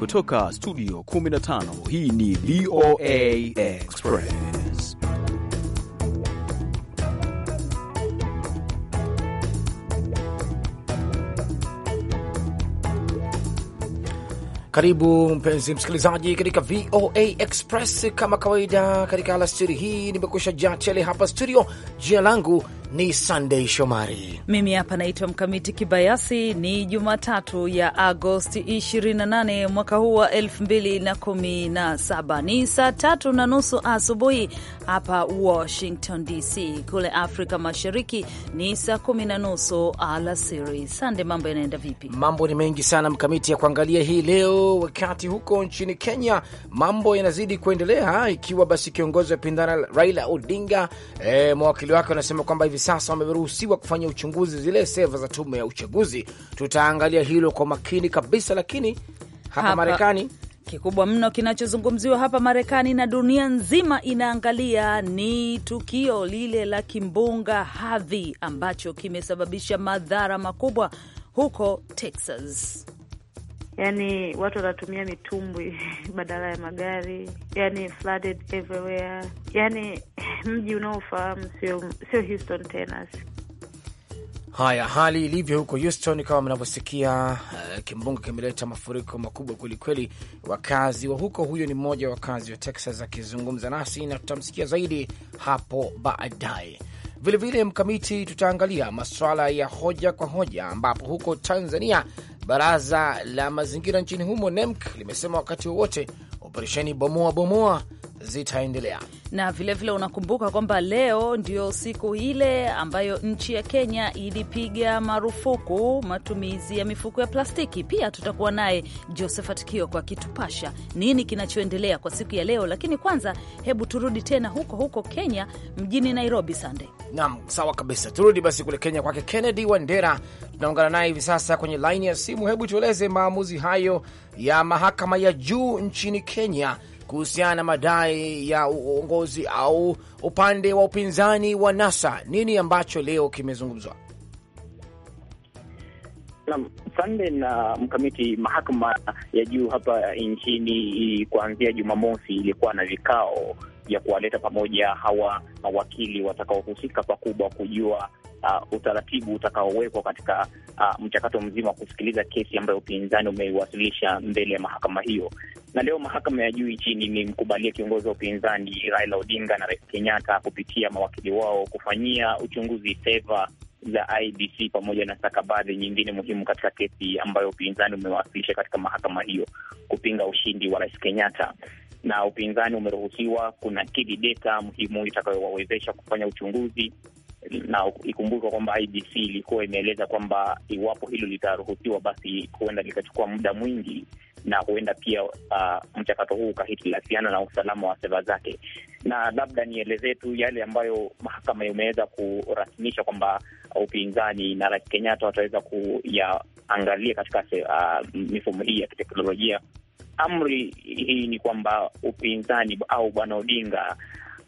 kutoka studio 15 hii ni VOA Express. Karibu mpenzi msikilizaji katika VOA Express. Kama kawaida katika alasiri hii nimekusha jaa tele hapa studio. Jina langu ni Sunday Shomari, mimi hapa naitwa Mkamiti Kibayasi. Ni Jumatatu ya Agosti 28 mwaka huu wa 2017, ni saa tatu na nusu asubuhi hapa Washington DC. Kule Afrika Mashariki ni saa kumi na nusu alasiri. Sande, mambo yanaenda vipi? Mambo ni mengi sana Mkamiti ya kuangalia hii leo, wakati huko nchini Kenya mambo yanazidi kuendelea, ikiwa basi kiongozi wa pindana Raila Odinga, eh, mawakili wake wanasema kwamba hivi sasa wameruhusiwa kufanya uchunguzi zile seva za tume ya uchaguzi. Tutaangalia hilo kwa makini kabisa, lakini hapa, hapa Marekani kikubwa mno kinachozungumziwa hapa Marekani na dunia nzima inaangalia ni tukio lile la kimbunga Harvey ambacho kimesababisha madhara makubwa huko Texas yani watu wanatumia mitumbwi badala ya magari, yani flooded everywhere, yani mji unaofahamu sio sio Houston tena. Haya, hali ilivyo huko Houston kama mnavyosikia, uh, kimbunga kimeleta mafuriko makubwa kwelikweli. Wakazi wa huko, huyo ni mmoja wa wakazi wa Texas akizungumza nasi, na tutamsikia zaidi hapo baadaye. Vilevile mkamiti, tutaangalia masuala ya hoja kwa hoja, ambapo huko Tanzania baraza la mazingira nchini humo NEMC limesema wakati wowote operesheni bomoa bomoa zitaendelea na vilevile vile unakumbuka kwamba leo ndio siku ile ambayo nchi ya Kenya ilipiga marufuku matumizi ya mifuko ya plastiki. Pia tutakuwa naye Josephat Kioko akitupasha nini kinachoendelea kwa siku ya leo, lakini kwanza, hebu turudi tena huko huko Kenya mjini Nairobi. Sande nam, sawa kabisa. Turudi basi kule Kenya kwake Kennedy Wandera, tunaungana naye hivi sasa kwenye laini ya simu. Hebu tueleze maamuzi hayo ya mahakama ya juu nchini Kenya kuhusiana na madai ya uongozi au upande wa upinzani wa NASA. Nini ambacho leo kimezungumzwa? Sande na mkamiti, mahakama ya juu hapa nchini kuanzia Jumamosi ilikuwa na vikao vya kuwaleta pamoja hawa mawakili watakaohusika pakubwa kujua Uh, utaratibu utakaowekwa katika uh, mchakato mzima wa kusikiliza kesi ambayo upinzani umeiwasilisha mbele ya mahakama hiyo. Na leo mahakama ya juu nchini imemkubalia kiongozi wa upinzani Raila Odinga na Rais Kenyatta kupitia mawakili wao kufanyia uchunguzi seva za IBC pamoja na stakabadhi nyingine muhimu katika kesi ambayo upinzani umewasilisha katika mahakama hiyo kupinga ushindi wa Rais Kenyatta na upinzani umeruhusiwa kunakili data muhimu itakayowawezesha kufanya uchunguzi, na ikumbuka kwamba IBC ilikuwa imeeleza kwamba iwapo hilo litaruhusiwa, basi huenda likachukua muda mwingi na huenda pia uh, mchakato huu ukahitilafiana na usalama wa seva zake. Na labda nielezee tu yale ambayo mahakama imeweza kurasimisha kwamba upinzani na Rais Kenyatta wataweza kuyaangalia katika uh, mifumo hii ya kiteknolojia. Amri hii ni kwamba upinzani au Bwana Odinga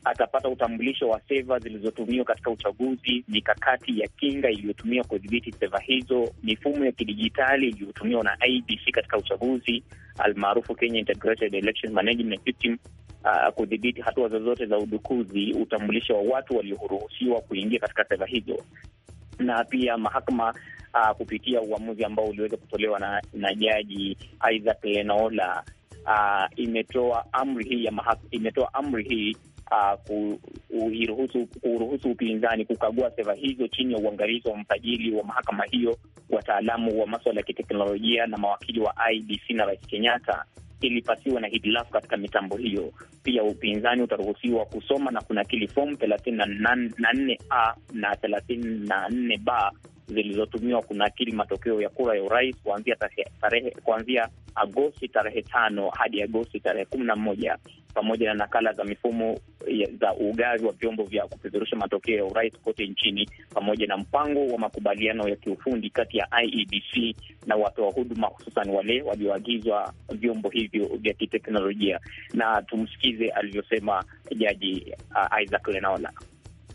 atapata utambulisho wa seva zilizotumiwa katika uchaguzi, mikakati ya kinga iliyotumiwa kudhibiti seva hizo, mifumo ya kidijitali iliyotumiwa na IBC katika uchaguzi almaarufu Kenya Integrated Election Management System uh, kudhibiti hatua zozote za udukuzi, utambulisho wa watu walioruhusiwa kuingia katika seva hizo, na pia mahakama uh, kupitia uamuzi ambao uliweza kutolewa na, na jaji Isaac Lenaola uh, imetoa amri hii ya mahakama, imetoa amri hii Ah, kuruhusu upinzani kukagua seva hizo chini ya uangalizi wa msajili wa mahakama hiyo, wataalamu wa maswala ya kiteknolojia na mawakili wa IBC na Rais Kenyatta ili pasiwe na hitilafu katika mitambo hiyo. Pia upinzani utaruhusiwa kusoma na kunakili fomu thelathini na nne a na thelathini na nne b zilizotumiwa kunakili matokeo ya kura ya urais kuanzia tarehe kuanzia Agosti tarehe tano hadi Agosti tarehe kumi na moja pamoja na nakala za mifumo za ugavi wa vyombo vya kupeperusha matokeo ya urais kote nchini, pamoja na mpango wa makubaliano ya kiufundi kati ya IEBC na watoa huduma, hususan wale walioagizwa vyombo hivyo vya kiteknolojia. Na tumsikize alivyosema Jaji uh, Isaac Lenaola.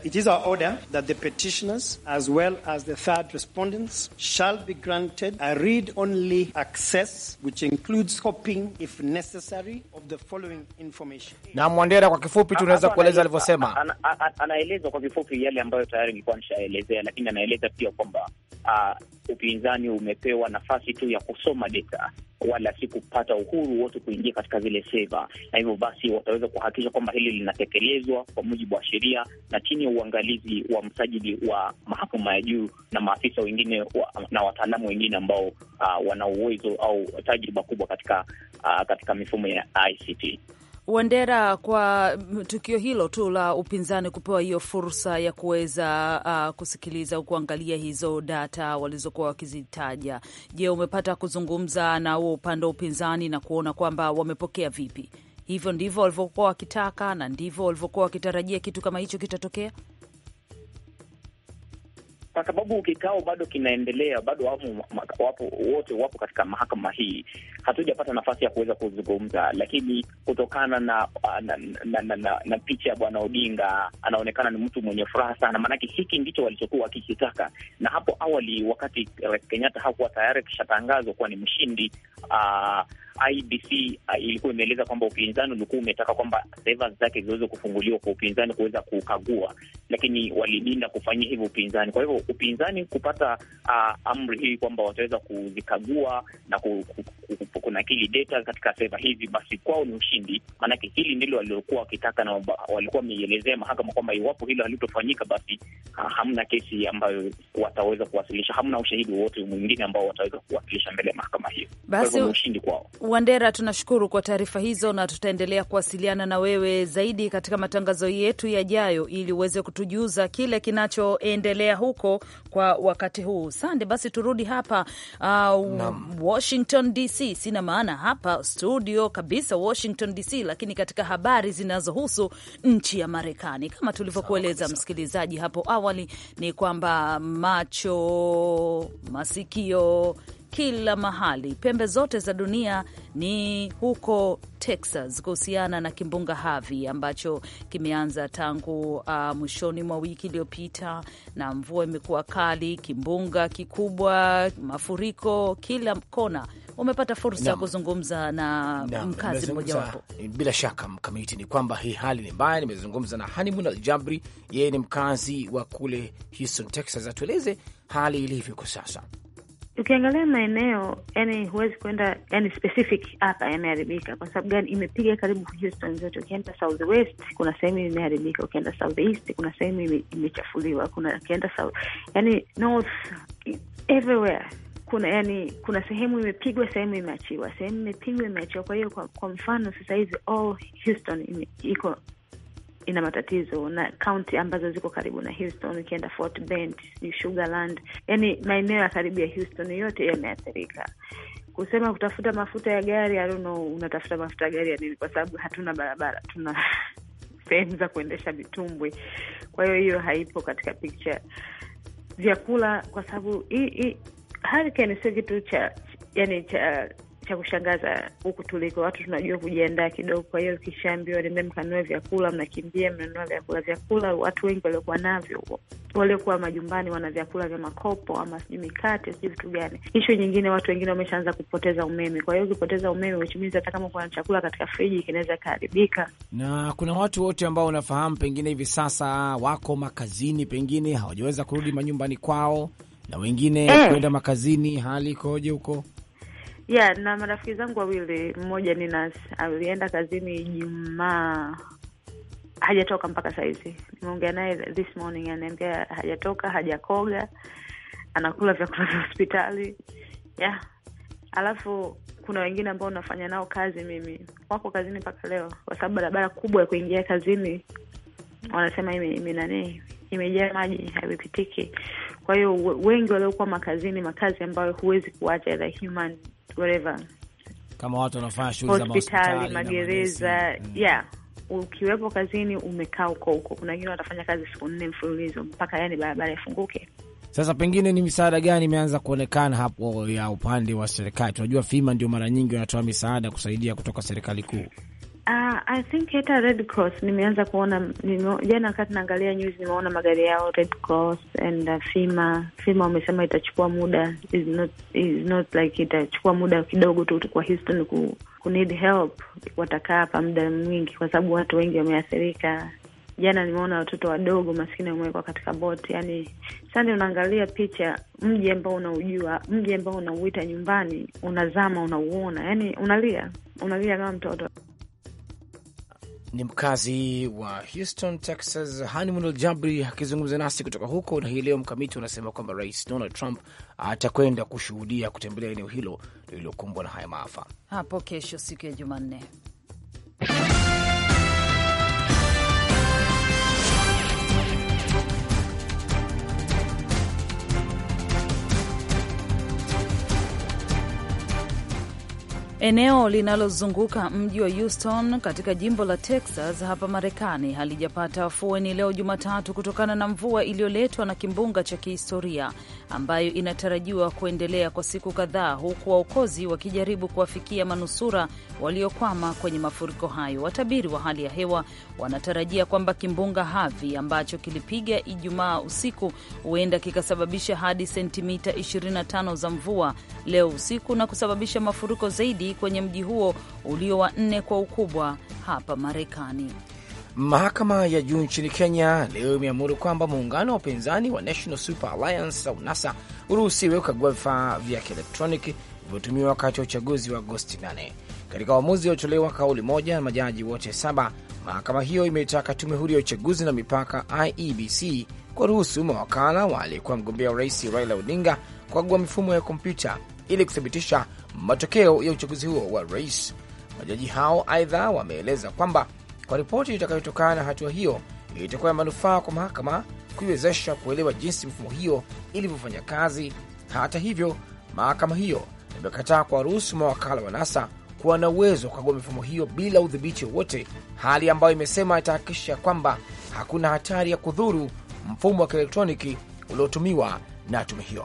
It is our order that the petitioners as well as the third respondents shall be granted a read-only access which includes copying if necessary of the following information. Na Mwandera, kwa kifupi tunaweza kueleza alivyosema, anaeleza kwa kifupi yale ambayo tayari nilikuwa nishaelezea, lakini anaeleza pia kwamba ah, upinzani umepewa nafasi tu ya kusoma data wala si kupata uhuru wote kuingia katika zile seva, na hivyo basi wataweza kuhakikisha kwamba hili linatekelezwa kwa mujibu wa sheria na chini ya uangalizi wa msajili wa mahakama ya juu na maafisa wengine wa, na wataalamu wengine ambao uh, wana uwezo au tajriba kubwa katika, uh, katika mifumo ya ICT. Wandera, kwa tukio hilo tu la upinzani kupewa hiyo fursa ya kuweza uh, kusikiliza au kuangalia hizo data walizokuwa wakizitaja, je, umepata kuzungumza na huo upande wa upinzani na kuona kwamba wamepokea vipi? Hivyo ndivyo walivyokuwa wakitaka na ndivyo walivyokuwa wakitarajia kitu kama hicho kitatokea? kwa sababu kikao bado kinaendelea, bado wapo wote wapo katika mahakama hii. Hatujapata nafasi ya kuweza kuzungumza, lakini kutokana na na, na, na, na, na picha ya bwana Odinga, anaonekana ni mtu mwenye furaha sana, maanake hiki ndicho walichokuwa wakikitaka. Na hapo awali wakati Kenyatta hakuwa tayari kishatangazwa kuwa ni mshindi uh, ah, IBC uh, ah, ilikuwa imeeleza kwamba upinzani ulikuwa umetaka kwamba seva zake ziweze kufunguliwa kwa upinzani kuweza kukagua, lakini walidinda kufanyia hivyo upinzani. Kwa hivyo upinzani kupata uh, amri hii kwamba wataweza kuzikagua na kunakili data katika seva hizi, basi kwao ni ushindi. Maanake hili ndilo waliokuwa wakitaka na walikuwa wameielezea mahakama kwamba iwapo hilo halitofanyika, basi uh, hamna kesi ambayo wataweza kuwasilisha, hamna ushahidi wowote mwingine ambao wataweza kuwasilisha mbele ya mahakama hiyo. Basi ushindi kwao. Wandera, tunashukuru kwa taarifa hizo na tutaendelea kuwasiliana na wewe zaidi katika matangazo yetu yajayo, ili uweze kutujuza kile kinachoendelea huko yako kwa wakati huu. Sande, basi turudi hapa uh, Washington DC. Sina maana hapa studio kabisa Washington DC, lakini katika habari zinazohusu nchi ya Marekani, kama tulivyokueleza msikilizaji hapo awali, ni kwamba macho, masikio kila mahali, pembe zote za dunia ni huko Texas kuhusiana na kimbunga Harvey ambacho kimeanza tangu uh, mwishoni mwa wiki iliyopita, na mvua imekuwa kali, kimbunga kikubwa, mafuriko kila kona. Umepata fursa ya kuzungumza na na mkazi mmojawapo. Bila shaka mkamiti ni kwamba hii hali ni mbaya. Nimezungumza na Hanimun Aljabri, yeye ni mkazi wa kule Houston, Texas, atueleze hali ilivyo kwa sasa ukiangalia maeneo yani huwezi kwenda yani specific hapa yameharibika. Kwa sababu gani? Imepiga karibu Houston zote. Ukienda south west kuna sehemu imeharibika, ukienda south east kuna sehemu imechafuliwa, kuna ukienda south yani north everywhere kuna yani, kuna sehemu imepigwa, sehemu imeachiwa, sehemu imepigwa, imeachiwa. Kwa hiyo kwa, kwa mfano sasa hivi all Houston iko ina matatizo, na kaunti ambazo ziko karibu na Houston, ukienda Fort Bend, Sugarland, yani maeneo ya karibu ya Houston yote yameathirika. Kusema kutafuta mafuta ya gari, I don't know, unatafuta mafuta ya gari ya nini? Kwa sababu hatuna barabara, tuna sehemu za kuendesha mitumbwi, kwa hiyo hiyo haipo katika picture. Vyakula, kwa sababu hurricane sio kitu cha yani cha cha kushangaza huku tuliko, watu tunajua kujiandaa kidogo. Kwa hiyo ukishaambiwa tembea, mkanunue vyakula, mnakimbia mnanunua vyakula. Vyakula watu wengi waliokuwa navyo, waliokuwa majumbani, wana vyakula vya makopo ama sijui mikate, sijui vitu gani. Ishu nyingine, watu wengine wameshaanza kupoteza umeme. Kwa hiyo ukipoteza umeme, uchimizi, hata kama kuna chakula katika friji kinaweza ikaharibika. Na kuna watu wote ambao unafahamu, pengine hivi sasa wako makazini, pengine hawajaweza kurudi manyumbani kwao, na wengine eh, makazini. Hali ikoje huko? yeah, na marafiki zangu wawili, mmoja ni nas alienda kazini Ijumaa hajatoka mpaka sahizi. Nimeongea naye this morning, ananiambia hajatoka, hajakoga, anakula vyakula vya hospitali yeah. Alafu kuna wengine ambao unafanya nao kazi mimi, wako kazini mpaka leo, kwa sababu barabara kubwa ya kuingia kazini wanasema ime nani imejaa maji haipitiki. Kwa hiyo wengi waliokuwa makazini, makazi ambayo huwezi kuacha, like human kama watu wanafanya shughuli za hospitali, magereza mm. yeah ukiwepo kazini umekaa huko huko. Kuna wengine watafanya kazi siku nne mfululizo mpaka yani barabara ifunguke. Sasa pengine ni misaada gani imeanza kuonekana hapo ya upande wa serikali? Tunajua FEMA ndio mara nyingi wanatoa misaada kusaidia kutoka serikali kuu. Uh, I think hata Red Cross nimeanza kuona nime, jana wakati naangalia news nimeona magari yao Red Cross and uh, FEMA FEMA wamesema itachukua muda is not, is not like itachukua muda kidogo tu kwa Houston ku, ku need help, watakaa hapa muda mwingi kwa sababu watu wengi wameathirika. Jana nimeona watoto wadogo maskini wamewekwa katika boti. Yani sasa unaangalia picha, mji ambao unaujua, mji ambao unauita nyumbani, unazama, unauona, yani unalia, unalia kama mtoto ni mkazi wa Houston, Texas. Hanimun Jabri akizungumza nasi kutoka huko. Na hii leo Mkamiti unasema kwamba Rais Donald Trump atakwenda kushuhudia, kutembelea eneo hilo lililokumbwa na haya maafa hapo kesho, siku ya Jumanne. Eneo linalozunguka mji wa Houston katika jimbo la Texas hapa Marekani halijapata afueni leo Jumatatu kutokana na mvua iliyoletwa na kimbunga cha kihistoria ambayo inatarajiwa kuendelea kwa siku kadhaa, huku waokozi wakijaribu kuwafikia manusura waliokwama kwenye mafuriko hayo. Watabiri wa hali ya hewa wanatarajia kwamba kimbunga Harvey ambacho kilipiga Ijumaa usiku huenda kikasababisha hadi sentimita 25 za mvua leo usiku na kusababisha mafuriko zaidi kwenye mji huo ulio wa nne kwa ukubwa hapa Marekani. Mahakama ya juu nchini Kenya leo imeamuru kwamba muungano wa upinzani wa National Super Alliance au NASA uruhusiwe kukagua vifaa vya kielektroniki vilivyotumiwa wakati wa uchaguzi wa Agosti 8. Katika uamuzi uliotolewa kauli moja na majaji wote saba, mahakama hiyo imeitaka tume huru ya uchaguzi na mipaka IEBC kwa ruhusu mawakala wa aliyekuwa mgombea urais Raila Odinga kukagua mifumo ya kompyuta ili kuthibitisha matokeo ya uchaguzi huo wa rais. Majaji hao aidha wameeleza kwamba kwa ripoti itakayotokana na hatua hiyo itakuwa ya manufaa kwa mahakama kuiwezesha kuelewa jinsi mifumo hiyo ilivyofanya kazi. Hata hivyo, mahakama hiyo imekataa kwa ruhusu mawakala wa NASA kuwa na uwezo wa kukagua mifumo hiyo bila udhibiti wowote, hali ambayo imesema itahakikisha kwamba hakuna hatari ya kudhuru mfumo wa kielektroniki uliotumiwa na tume hiyo.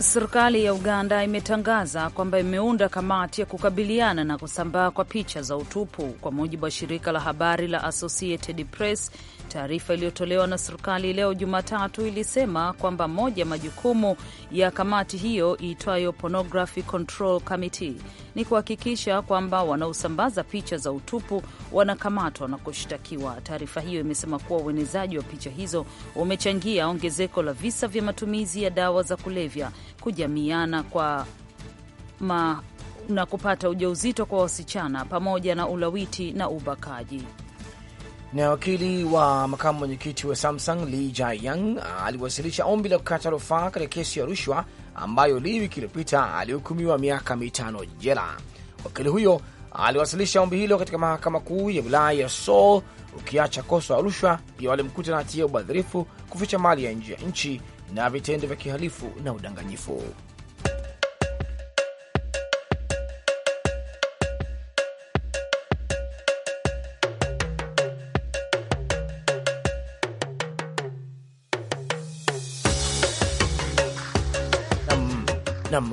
Serikali ya Uganda imetangaza kwamba imeunda kamati ya kukabiliana na kusambaa kwa picha za utupu, kwa mujibu wa shirika la habari la Associated Press. Taarifa iliyotolewa na serikali leo Jumatatu ilisema kwamba moja ya majukumu ya kamati hiyo iitwayo Pornography Control Committee ni kuhakikisha kwamba wanaosambaza picha za utupu wanakamatwa na kushtakiwa. Taarifa hiyo imesema kuwa uenezaji wa picha hizo umechangia ongezeko la visa vya matumizi ya dawa za kulevya kujamiana kwa ma na kupata ujauzito kwa wasichana pamoja na ulawiti na ubakaji. Na wakili wa makamu mwenyekiti wa Samsung Lee jae aliwasilisha ombi la kukata rufaa katika kesi ya rushwa ambayo Lee wiki iliyopita alihukumiwa miaka mitano jela. Wakili huyo aliwasilisha ombi hilo katika mahakama kuu ya wilaya ya Seoul, ukiacha kosa la rushwa, pia walimkuta na hatia ubadhirifu, kuficha mali ya nje ya nchi na vitendo vya kihalifu na udanganyifu.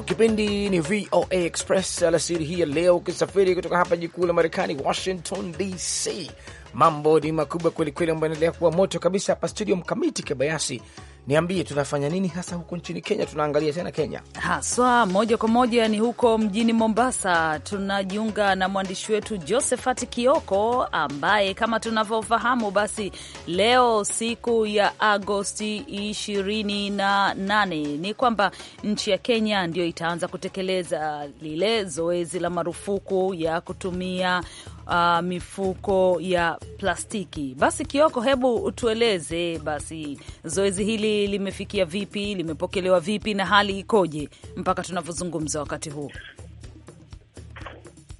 kipindi ni VOA Express alasiri hii ya leo, ukisafiri kutoka hapa jikuu la Marekani, Washington DC. Mambo ni makubwa kwelikweli, ambayo endelea kuwa moto kabisa hapa studio. Mkamiti Kibayasi Niambie, tunafanya nini hasa huko nchini Kenya? Tunaangalia tena Kenya haswa moja kwa moja, ni huko mjini Mombasa. Tunajiunga na mwandishi wetu Josephat Kioko ambaye kama tunavyofahamu, basi leo siku ya Agosti 28 ni kwamba nchi ya Kenya ndio itaanza kutekeleza lile zoezi la marufuku ya kutumia Uh, mifuko ya plastiki. Basi Kioko, hebu utueleze basi zoezi hili limefikia vipi, limepokelewa vipi na hali ikoje mpaka tunavyozungumza wakati huu?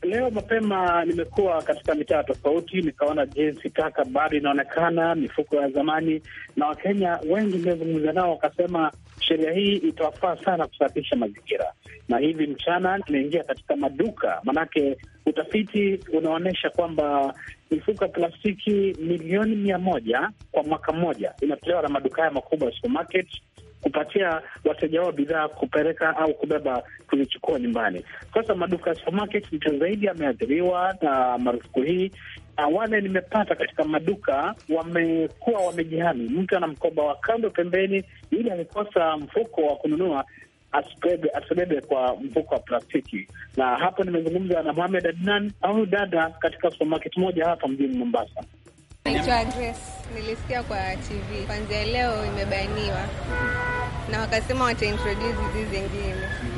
Leo mapema nimekuwa katika mitaa tofauti, nikaona jinsi taka bado inaonekana, mifuko ya zamani, na Wakenya wengi niliozungumza nao wakasema Sheria hii itawafaa sana kusafisha mazingira, na hivi mchana tunaingia katika maduka, manake utafiti unaonyesha kwamba mifuko ya plastiki milioni mia moja kwa mwaka mmoja inatolewa na maduka haya makubwa ya supermarket kupatia wateja wao bidhaa kupeleka au kubeba kuzichukua nyumbani. Sasa maduka ya supermarket ndio zaidi yameathiriwa na marufuku hii, na ah, wale nimepata katika maduka wamekuwa wamejihami, mtu ana mkoba wa kando pembeni, ili amekosa mfuko wa kununua asibebe kwa mfuko wa plastiki. Na hapo nimezungumza na Mohamed Adnan au dada katika supermarket moja hapa mjini Mombasa. Naitwa Grace, nilisikia kwa TV kwanzia leo imebainiwa, na wakasema wataintroduce hizi zingine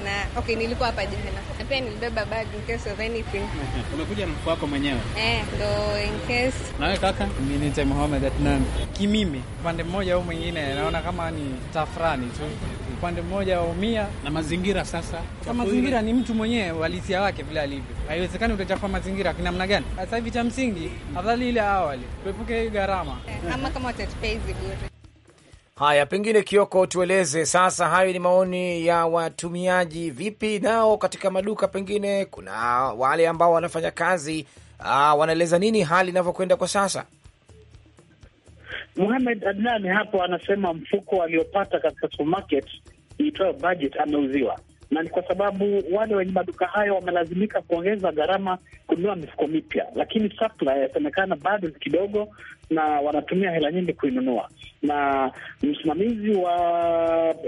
na okay, nilikuwa hapa jana na pia nilibeba bag in case of anything. Umekuja na mfuko wako mwenyewe eh? Ndo in case. Na wewe kaka? Mimi ni Tim Mohamed Adnan. Kimimi upande mmoja au mwingine, naona kama ni tafrani tu upande mmoja waumia na mazingira. Sasa kwa mazingira ni mtu mwenyewe walisia wake vile alivyo, haiwezekani utachafua mazingira namna gani? Sasa hivi cha msingi afadhali ile awali, tuepuke hii gharama, eh, ama kama watatupa hizi bure Haya, pengine Kioko, tueleze sasa, hayo ni maoni ya watumiaji. Vipi nao katika maduka? Pengine kuna wale ambao wanafanya kazi uh, wanaeleza nini hali inavyokwenda kwa sasa? Muhamed Adnani hapo anasema mfuko aliopata katika supermarket iitwayo budget ameuziwa na ni kwa sababu wale wenye maduka hayo wamelazimika kuongeza gharama kununua mifuko mipya, lakini supply yasemekana bado ni kidogo na wanatumia hela nyingi kuinunua. Na msimamizi wa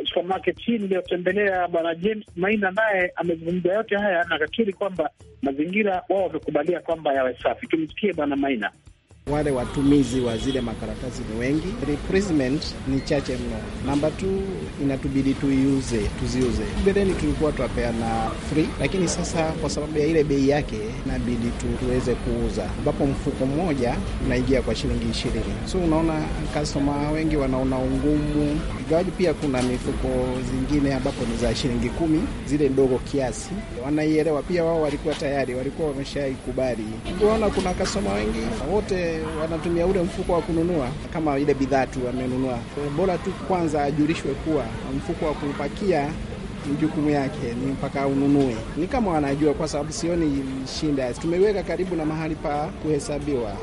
supermarket hii niliyotembelea, Bwana James Maina, naye amezungumza yote haya na akakiri kwamba mazingira wao wamekubalia kwamba yawe safi. Tumsikie Bwana Maina wale watumizi wa zile makaratasi ni wengi, replacement ni chache mno. Namba tu inatubidi tuiuze, tuziuze. Mbeleni tulikuwa na free, lakini sasa kwa sababu ya ile bei yake inabidi tu, tuweze kuuza, ambapo mfuko mmoja unaingia kwa shilingi ishirini. So unaona kastoma wengi wanaona ungumu, ingawaji pia kuna mifuko zingine ambapo ni za shilingi kumi, zile ndogo kiasi, wanaielewa pia. Wao walikuwa tayari, walikuwa wameshaikubali. Unaona kuna kastoma wengi wote wanatumia ule mfuko wa kununua kama ile bidhaa tu amenunua. Bora tu kwanza ajulishwe kuwa mfuko wa kupakia ni jukumu yake, ni mpaka ununue. Ni kama wanajua, kwa sababu sioni shinda, tumeweka karibu na mahali pa kuhesabiwa.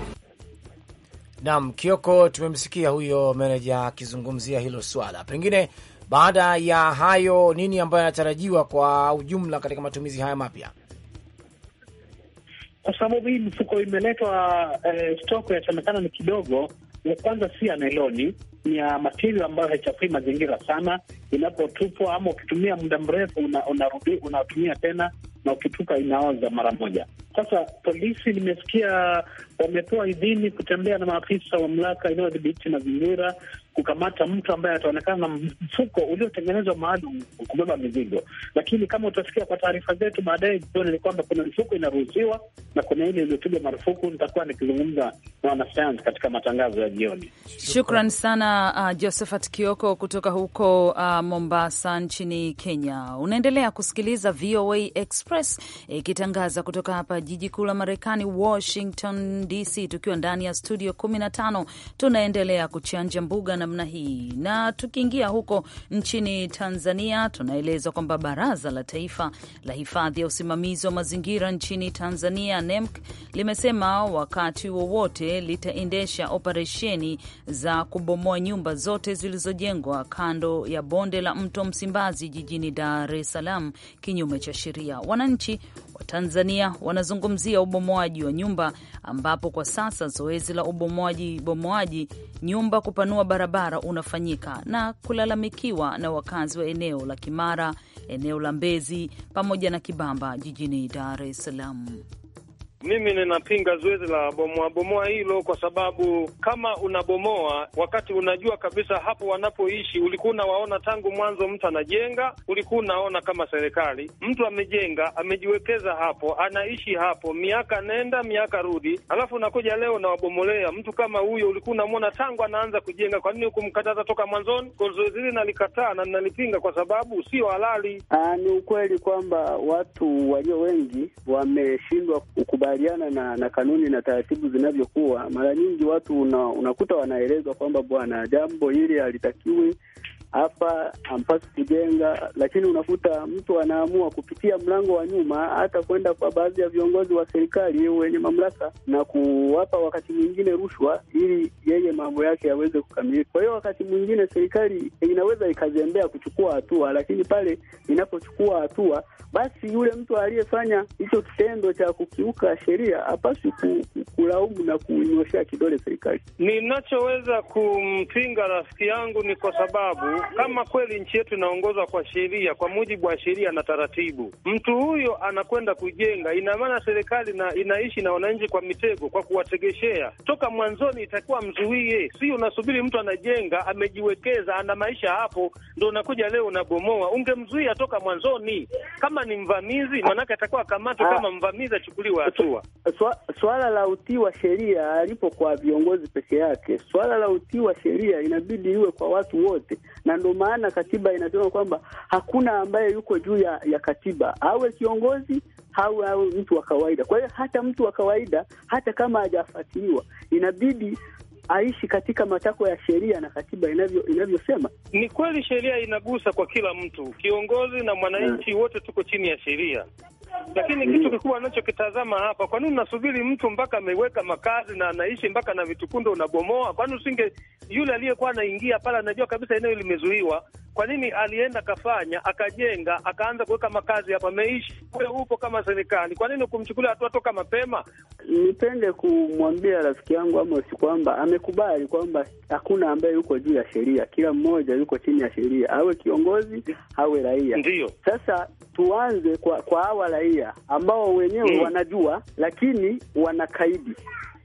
Naam, Kioko, tumemsikia huyo meneja akizungumzia hilo swala. Pengine baada ya hayo, nini ambayo yanatarajiwa kwa ujumla katika matumizi haya mapya? kwa sababu hii mifuko imeletwa eh, stoko yasemekana ni kidogo. Ya kwanza si ya nailoni, ni ya matirio ambayo haichafui mazingira sana. Inapotupwa ama ukitumia muda mrefu unatumia una, una tena na ukituka inaoza mara moja. Sasa polisi limesikia wamepewa idhini kutembea na maafisa wa mamlaka inayodhibiti mazingira kukamata mtu ambaye ataonekana na mfuko uliotengenezwa maalum kubeba mizigo, lakini kama utasikia kwa taarifa zetu baadaye jioni ni kwamba kuna mifuko inaruhusiwa na kuna ile iliyopigwa marufuku. Nitakuwa nikizungumza na wanasayansi katika matangazo ya jioni. Shukran sana uh, Josephat Kioko kutoka huko uh, Mombasa nchini Kenya. Unaendelea kusikiliza VOA Express Express ikitangaza kutoka hapa jiji kuu la Marekani, Washington DC, tukiwa ndani ya studio 15 tunaendelea kuchanja mbuga namna hii. Na tukiingia huko nchini Tanzania, tunaelezwa kwamba Baraza la Taifa la Hifadhi ya Usimamizi wa Mazingira nchini Tanzania, NEMC, limesema wakati wowote litaendesha operesheni za kubomoa nyumba zote zilizojengwa kando ya bonde la mto Msimbazi jijini Dar es Salaam kinyume cha sheria wananchi wa Tanzania wanazungumzia ubomoaji wa nyumba, ambapo kwa sasa zoezi la ubomoaji bomoaji nyumba kupanua barabara unafanyika na kulalamikiwa na wakazi wa eneo la Kimara, eneo la Mbezi pamoja na Kibamba jijini Dar es Salaam. Mimi ninapinga zoezi la bomoa bomoa hilo, kwa sababu kama unabomoa wakati unajua kabisa hapo wanapoishi ulikuwa unawaona tangu mwanzo, mtu anajenga, ulikuwa unaona kama serikali, mtu amejenga, amejiwekeza hapo, anaishi hapo miaka nenda miaka rudi, alafu unakuja leo nawabomolea Mtu kama huyo ulikuwa unamwona tangu anaanza kujenga, kwa nini hukumkataza toka mwanzoni? Kwa zoezi hili nalikataa na nalipinga kwa sababu sio halali. Ah, ni ukweli kwamba watu walio wengi wameshindwa kukubali kukubaliana na, na kanuni na taratibu zinavyokuwa. Mara nyingi watu una, unakuta wanaelezwa kwamba bwana, jambo hili halitakiwi hapa hampasi kujenga, lakini unakuta mtu anaamua kupitia mlango wa nyuma, hata kwenda kwa baadhi ya viongozi wa serikali wenye mamlaka na kuwapa wakati mwingine rushwa, ili yeye mambo yake yaweze kukamilika. Kwa hiyo wakati mwingine serikali inaweza ikazembea kuchukua hatua, lakini pale inapochukua hatua, basi yule mtu aliyefanya hicho kitendo cha kukiuka sheria hapaswi kulaumu na kunyoshea kidole serikali. Ninachoweza kumpinga rafiki yangu ni kwa sababu kama kweli nchi yetu inaongozwa kwa sheria, kwa mujibu wa sheria na taratibu, mtu huyo anakwenda kujenga, ina maana serikali na inaishi na wananchi kwa mitego, kwa kuwategeshea toka mwanzoni. Itakuwa mzuie, si unasubiri mtu anajenga, amejiwekeza, ana maisha hapo, ndo unakuja leo unabomoa. Ungemzuia toka mwanzoni. Kama ni mvamizi, manake atakuwa kamatwa kama mvamizi, achukuliwe hatua. Swala la utii wa sheria alipo kwa viongozi peke yake, swala la utii wa sheria inabidi iwe kwa watu wote na ndio maana katiba inasema kwamba hakuna ambaye yuko juu ya, ya katiba, awe kiongozi au awe mtu wa kawaida. Kwa hiyo hata mtu wa kawaida, hata kama hajafuatiliwa, inabidi aishi katika matakwa ya sheria na katiba inavyo inavyosema. Ni kweli sheria inagusa kwa kila mtu, kiongozi na mwananchi, hmm. wote tuko chini ya sheria. Lakini mm. kitu kikubwa anachokitazama hapa, kwa nini unasubiri mtu mpaka ameweka makazi na anaishi mpaka na vitukundo unabomoa? Kwani usinge yule aliyekuwa anaingia pale anajua kabisa eneo limezuiwa kwa nini alienda akafanya akajenga akaanza kuweka makazi hapa, ameishi kule upo kama serikali, kwa nini kumchukulia hatua toka mapema? Nipende kumwambia rafiki yangu Amos kwamba amekubali kwamba hakuna ambaye yuko juu ya sheria, kila mmoja yuko chini ya sheria, awe kiongozi awe raia. Ndio sasa tuanze kwa kwa hawa raia ambao wenyewe mm, wanajua lakini wanakaidi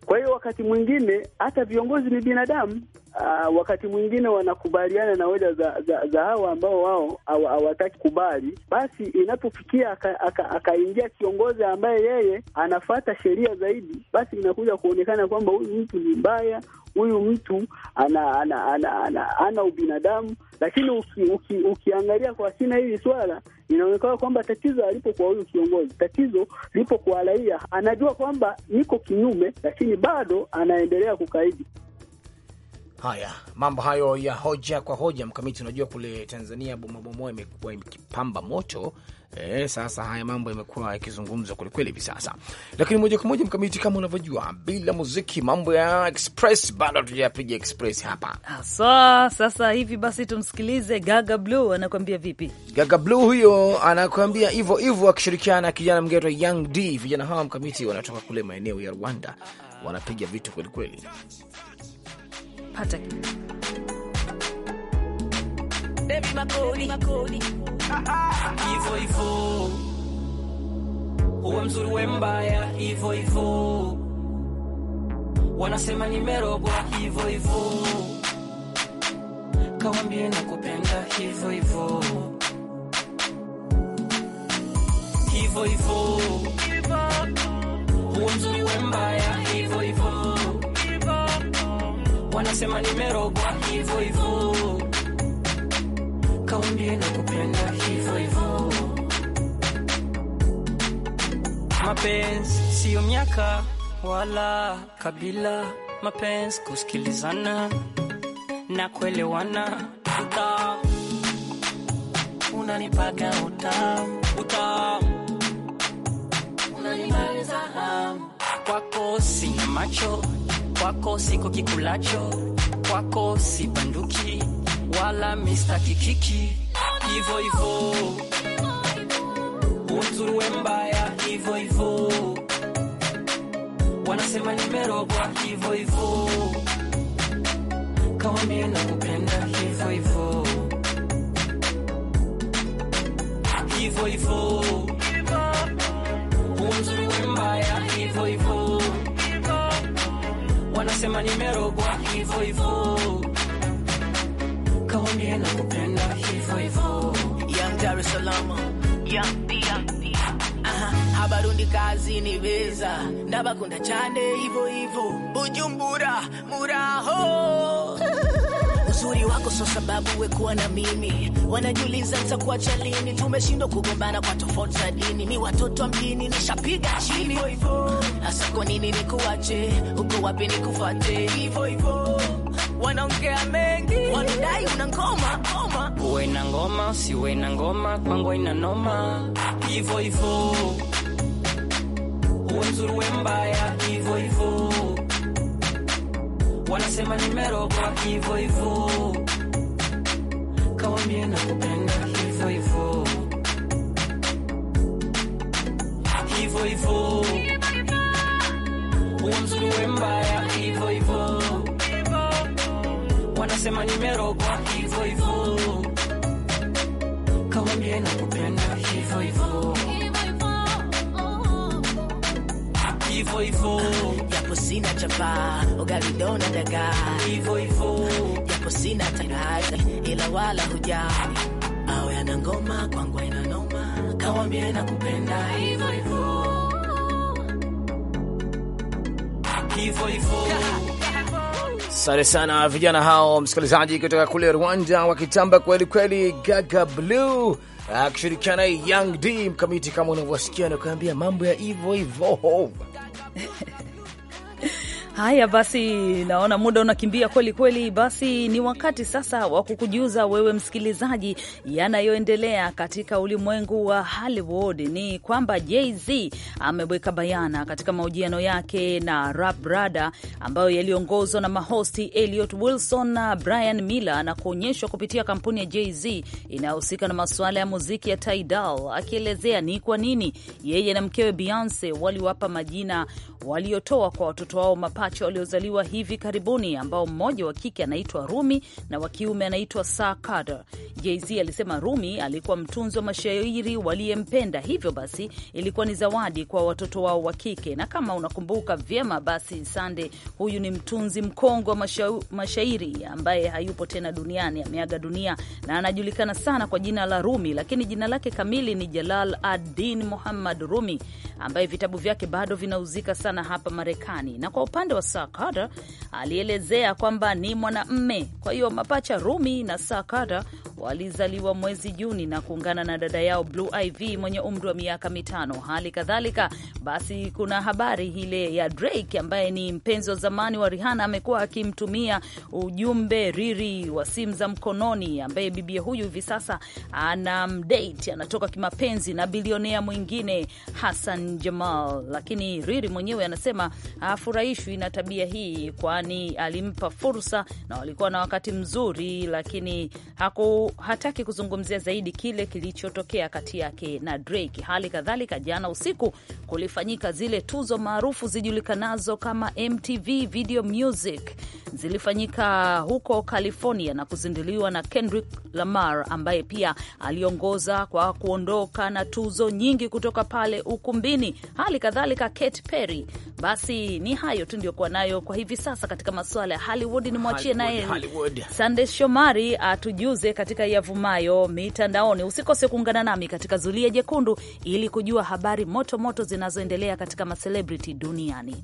kwa hiyo wakati mwingine hata viongozi ni binadamu. Ah, wakati mwingine wanakubaliana na hoja za, za, za hawa ambao wao hawataki kubali. Basi inapofikia akaingia kiongozi ambaye yeye anafata sheria zaidi, basi inakuja kuonekana kwamba huyu mtu ni mbaya, huyu mtu ana ana ana, ana, ana, ana ubinadamu lakini uki, uki, ukiangalia kwa kina hili swala, inaonekana kwamba tatizo kwa huyu kiongozi, tatizo lipo kwa raia. Anajua kwamba niko kinyume, lakini bado anaendelea kukaidi. Haya, mambo hayo ya hoja kwa hoja, Mkamiti, unajua kule Tanzania bomoabomoa imekuwa ikipamba moto e. Sasa haya mambo yamekuwa yakizungumzwa kwelikweli hivi sasa, lakini moja kwa moja Mkamiti, kama unavyojua, bila muziki mambo ya express bado hatujayapiga express hapa So, sasa hivi basi tumsikilize Gaga Blue anakuambia vipi. Gaga Blue huyo anakuambia hivo hivo, akishirikiana na kijana mgeto Young D. Vijana hawa Mkamiti wanatoka kule maeneo ya Rwanda, wanapiga vitu kwelikweli pata Baby uwe mzuri we mbaya, hivyo hivyo wanasema nimerogwa, kawambie na kupenda hivyo hivyo uwe mzuri mbaya unasema nimerogwa hivyo hivyo, kaumbie na kupenda hivyo hivyo. Mapenzi siyo miaka wala kabila, mapenzi kusikilizana na kuelewana. Unanipaga utamu utamu, unanimaliza hamu kwako, sina macho kwako siko kikulacho, kwako sipanduki wala kikiki, hivyo hivyo unzuruwe mbaya, hivyo hivyo wanasema nimerogwa, hivyo hivyo kawambie na kupenda, hivyo hivyo hivyo hivyo Sema nimerogwa hivo hivyo, kaonea na kupenda hivo hivo. Young Dar es Salaam, young kazi ni beza ndabakunda chande hivo hivo Bujumbura muraho Uzuri wako so sababu wekuwa na mimi, wanajiuliza nitakuacha lini? Tumeshindwa kugombana kwa tofauti za dini, mi watoto mjini nishapiga chini. Hasa kwa nini nikuache? Uko wapi nikufuate? hivo hivo wanaongea mengi, wanadai una ngoma ngoma, uwe na ngoma usiwe na ngoma, kwangu ina noma. hivo hivo uwe mzuri uwe mbaya, hivo hivo wanasema nimerogwa hivyo hivyo, kawambie nakupenda hivyo hivyo hivyo hivyo, uwe mzuri uwe mbaya hivyo hivyo, wanasema nimerogwa hivyo hivyo, kawambie nakupenda hivyo hivyo. hivyo hivyo, japo sina chapa ugali dona daga hivyo hivyo, japo sina tanaji ila wala hujali, awe yana ngoma kwangu ina noma, kawambia na kupenda hivyo hivyo hivyo hivyo Asante sana vijana hao, msikilizaji kutoka kule Rwanda, wakitamba kweli kweli, Gaga Blue akishirikiana Young D mkamiti, kama unavyosikia nakuambia mambo ya hivo hivo Haya basi, naona muda unakimbia kweli kweli. Basi ni wakati sasa wa kukujuza wewe msikilizaji yanayoendelea katika ulimwengu wa Hollywood. Ni kwamba Jay-Z ameweka bayana katika mahojiano yake na Rap Brother ambayo yaliongozwa na mahosti Elliot Wilson na Brian Miller na kuonyeshwa kupitia kampuni ya Jay-Z inayohusika na masuala ya muziki ya Tidal, akielezea ni kwa nini yeye na mkewe Beyonce waliwapa majina waliotoa kwa watoto wao mapa mapacha waliozaliwa hivi karibuni ambao mmoja wa kike anaitwa Rumi na wa kiume anaitwa Sir Carter. Jay-Z alisema Rumi alikuwa mtunzi wa mashairi waliyempenda, hivyo basi ilikuwa ni zawadi kwa watoto wao wa kike. Na kama unakumbuka vyema, basi Sande, huyu ni mtunzi mkongo wa mashairi ambaye hayupo tena duniani, ameaga dunia na anajulikana sana kwa jina la Rumi, lakini jina lake kamili ni Jalal ad-Din Muhammad Rumi ambaye vitabu vyake bado vinauzika sana hapa Marekani. Na kwa upande upande wa Sakata alielezea kwamba ni mwanamme. Kwa hiyo mapacha Rumi na Sakata walizaliwa mwezi Juni na kuungana na dada yao Blue Ivy mwenye umri wa miaka mitano. Hali kadhalika basi, kuna habari ile ya Drake ambaye ni mpenzi wa zamani wa Rihanna amekuwa akimtumia ujumbe riri wa simu za mkononi, ambaye bibia huyu hivi sasa ana anamdate, anatoka kimapenzi na bilionea mwingine Hassan Jamal, lakini riri mwenyewe anasema hafurahishwi na tabia hii, kwani alimpa fursa na walikuwa na wakati mzuri, lakini haku, hataki kuzungumzia zaidi kile kilichotokea kati yake na Drake. Hali kadhalika, jana usiku kulifanyika zile tuzo maarufu zijulikanazo kama MTV Video Music, zilifanyika huko California na kuzinduliwa na Kendrick Lamar ambaye pia aliongoza kwa kuondoka na tuzo nyingi kutoka pale ukumbini. Hali kadhalika Katy Perry. Basi ni hayo tu ndio tuliokuwa nayo kwa hivi sasa katika masuala ya Hollywood. Nimwachie naye Sande Shomari atujuze katika yavumayo mitandaoni. Usikose kuungana nami katika Zulia Jekundu ili kujua habari moto moto zinazoendelea katika macelebrity duniani.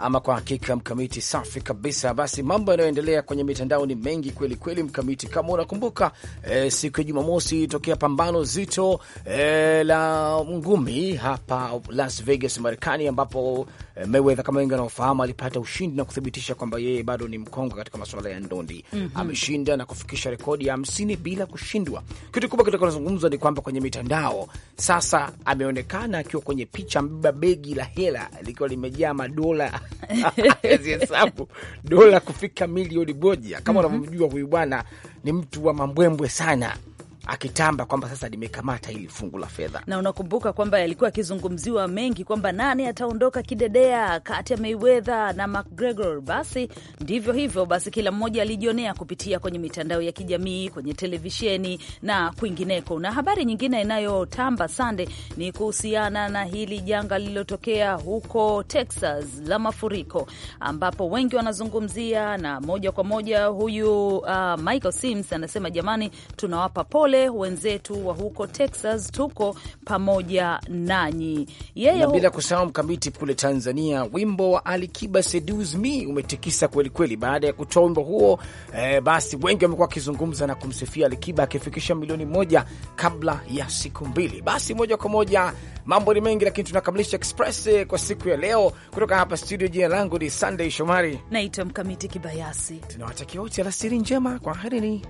Ama kwa hakika Mkamiti, safi kabisa. Basi mambo yanayoendelea kwenye mitandao ni mengi kweli kweli. Mkamiti, kama unakumbuka e, siku ya Jumamosi tokea pambano zito e, la ngumi hapa Las Vegas, Marekani, ambapo Eh, Mayweather kama wengi wanaofahamu, alipata ushindi na kuthibitisha kwamba yeye bado ni mkongwe katika masuala ya ndondi mm -hmm. Ameshinda na kufikisha rekodi ya hamsini bila kushindwa. Kitu kubwa kinakonazungumzwa ni kwamba kwenye mitandao sasa ameonekana akiwa kwenye picha mbeba begi la hela likiwa limejaa madola hesabu dola kufika milioni moja kama mhm. unavyomjua mm -hmm. Huyu bwana ni mtu wa mambwembwe sana akitamba kwamba sasa limekamata hili fungu la fedha, na unakumbuka kwamba yalikuwa akizungumziwa mengi kwamba nani ataondoka kidedea kati ya Mayweather na McGregor. Basi ndivyo hivyo, basi kila mmoja alijionea kupitia kwenye mitandao ya kijamii, kwenye televisheni na kwingineko. Na habari nyingine inayotamba sande ni kuhusiana na hili janga lililotokea huko Texas la mafuriko, ambapo wengi wanazungumzia na moja kwa moja huyu uh, Michael Sims anasema jamani, tunawapa pole wale wenzetu wa huko Texas, tuko pamoja nanyi. Yeye na bila kusahau mkamiti kule Tanzania, wimbo wa Alikiba Seduce Me umetikisa kwelikweli. Baada ya kutoa wimbo huo eh, basi wengi wamekuwa wakizungumza na kumsifia Alikiba akifikisha milioni moja kabla ya siku mbili. Basi moja kwa moja mambo ni mengi, lakini tunakamilisha Express eh, kwa siku ya leo kutoka hapa studio. Jina langu ni Sunday Shomari, naitwa Mkamiti Kibayasi. Tunawatakia wote alasiri njema, kwaherini.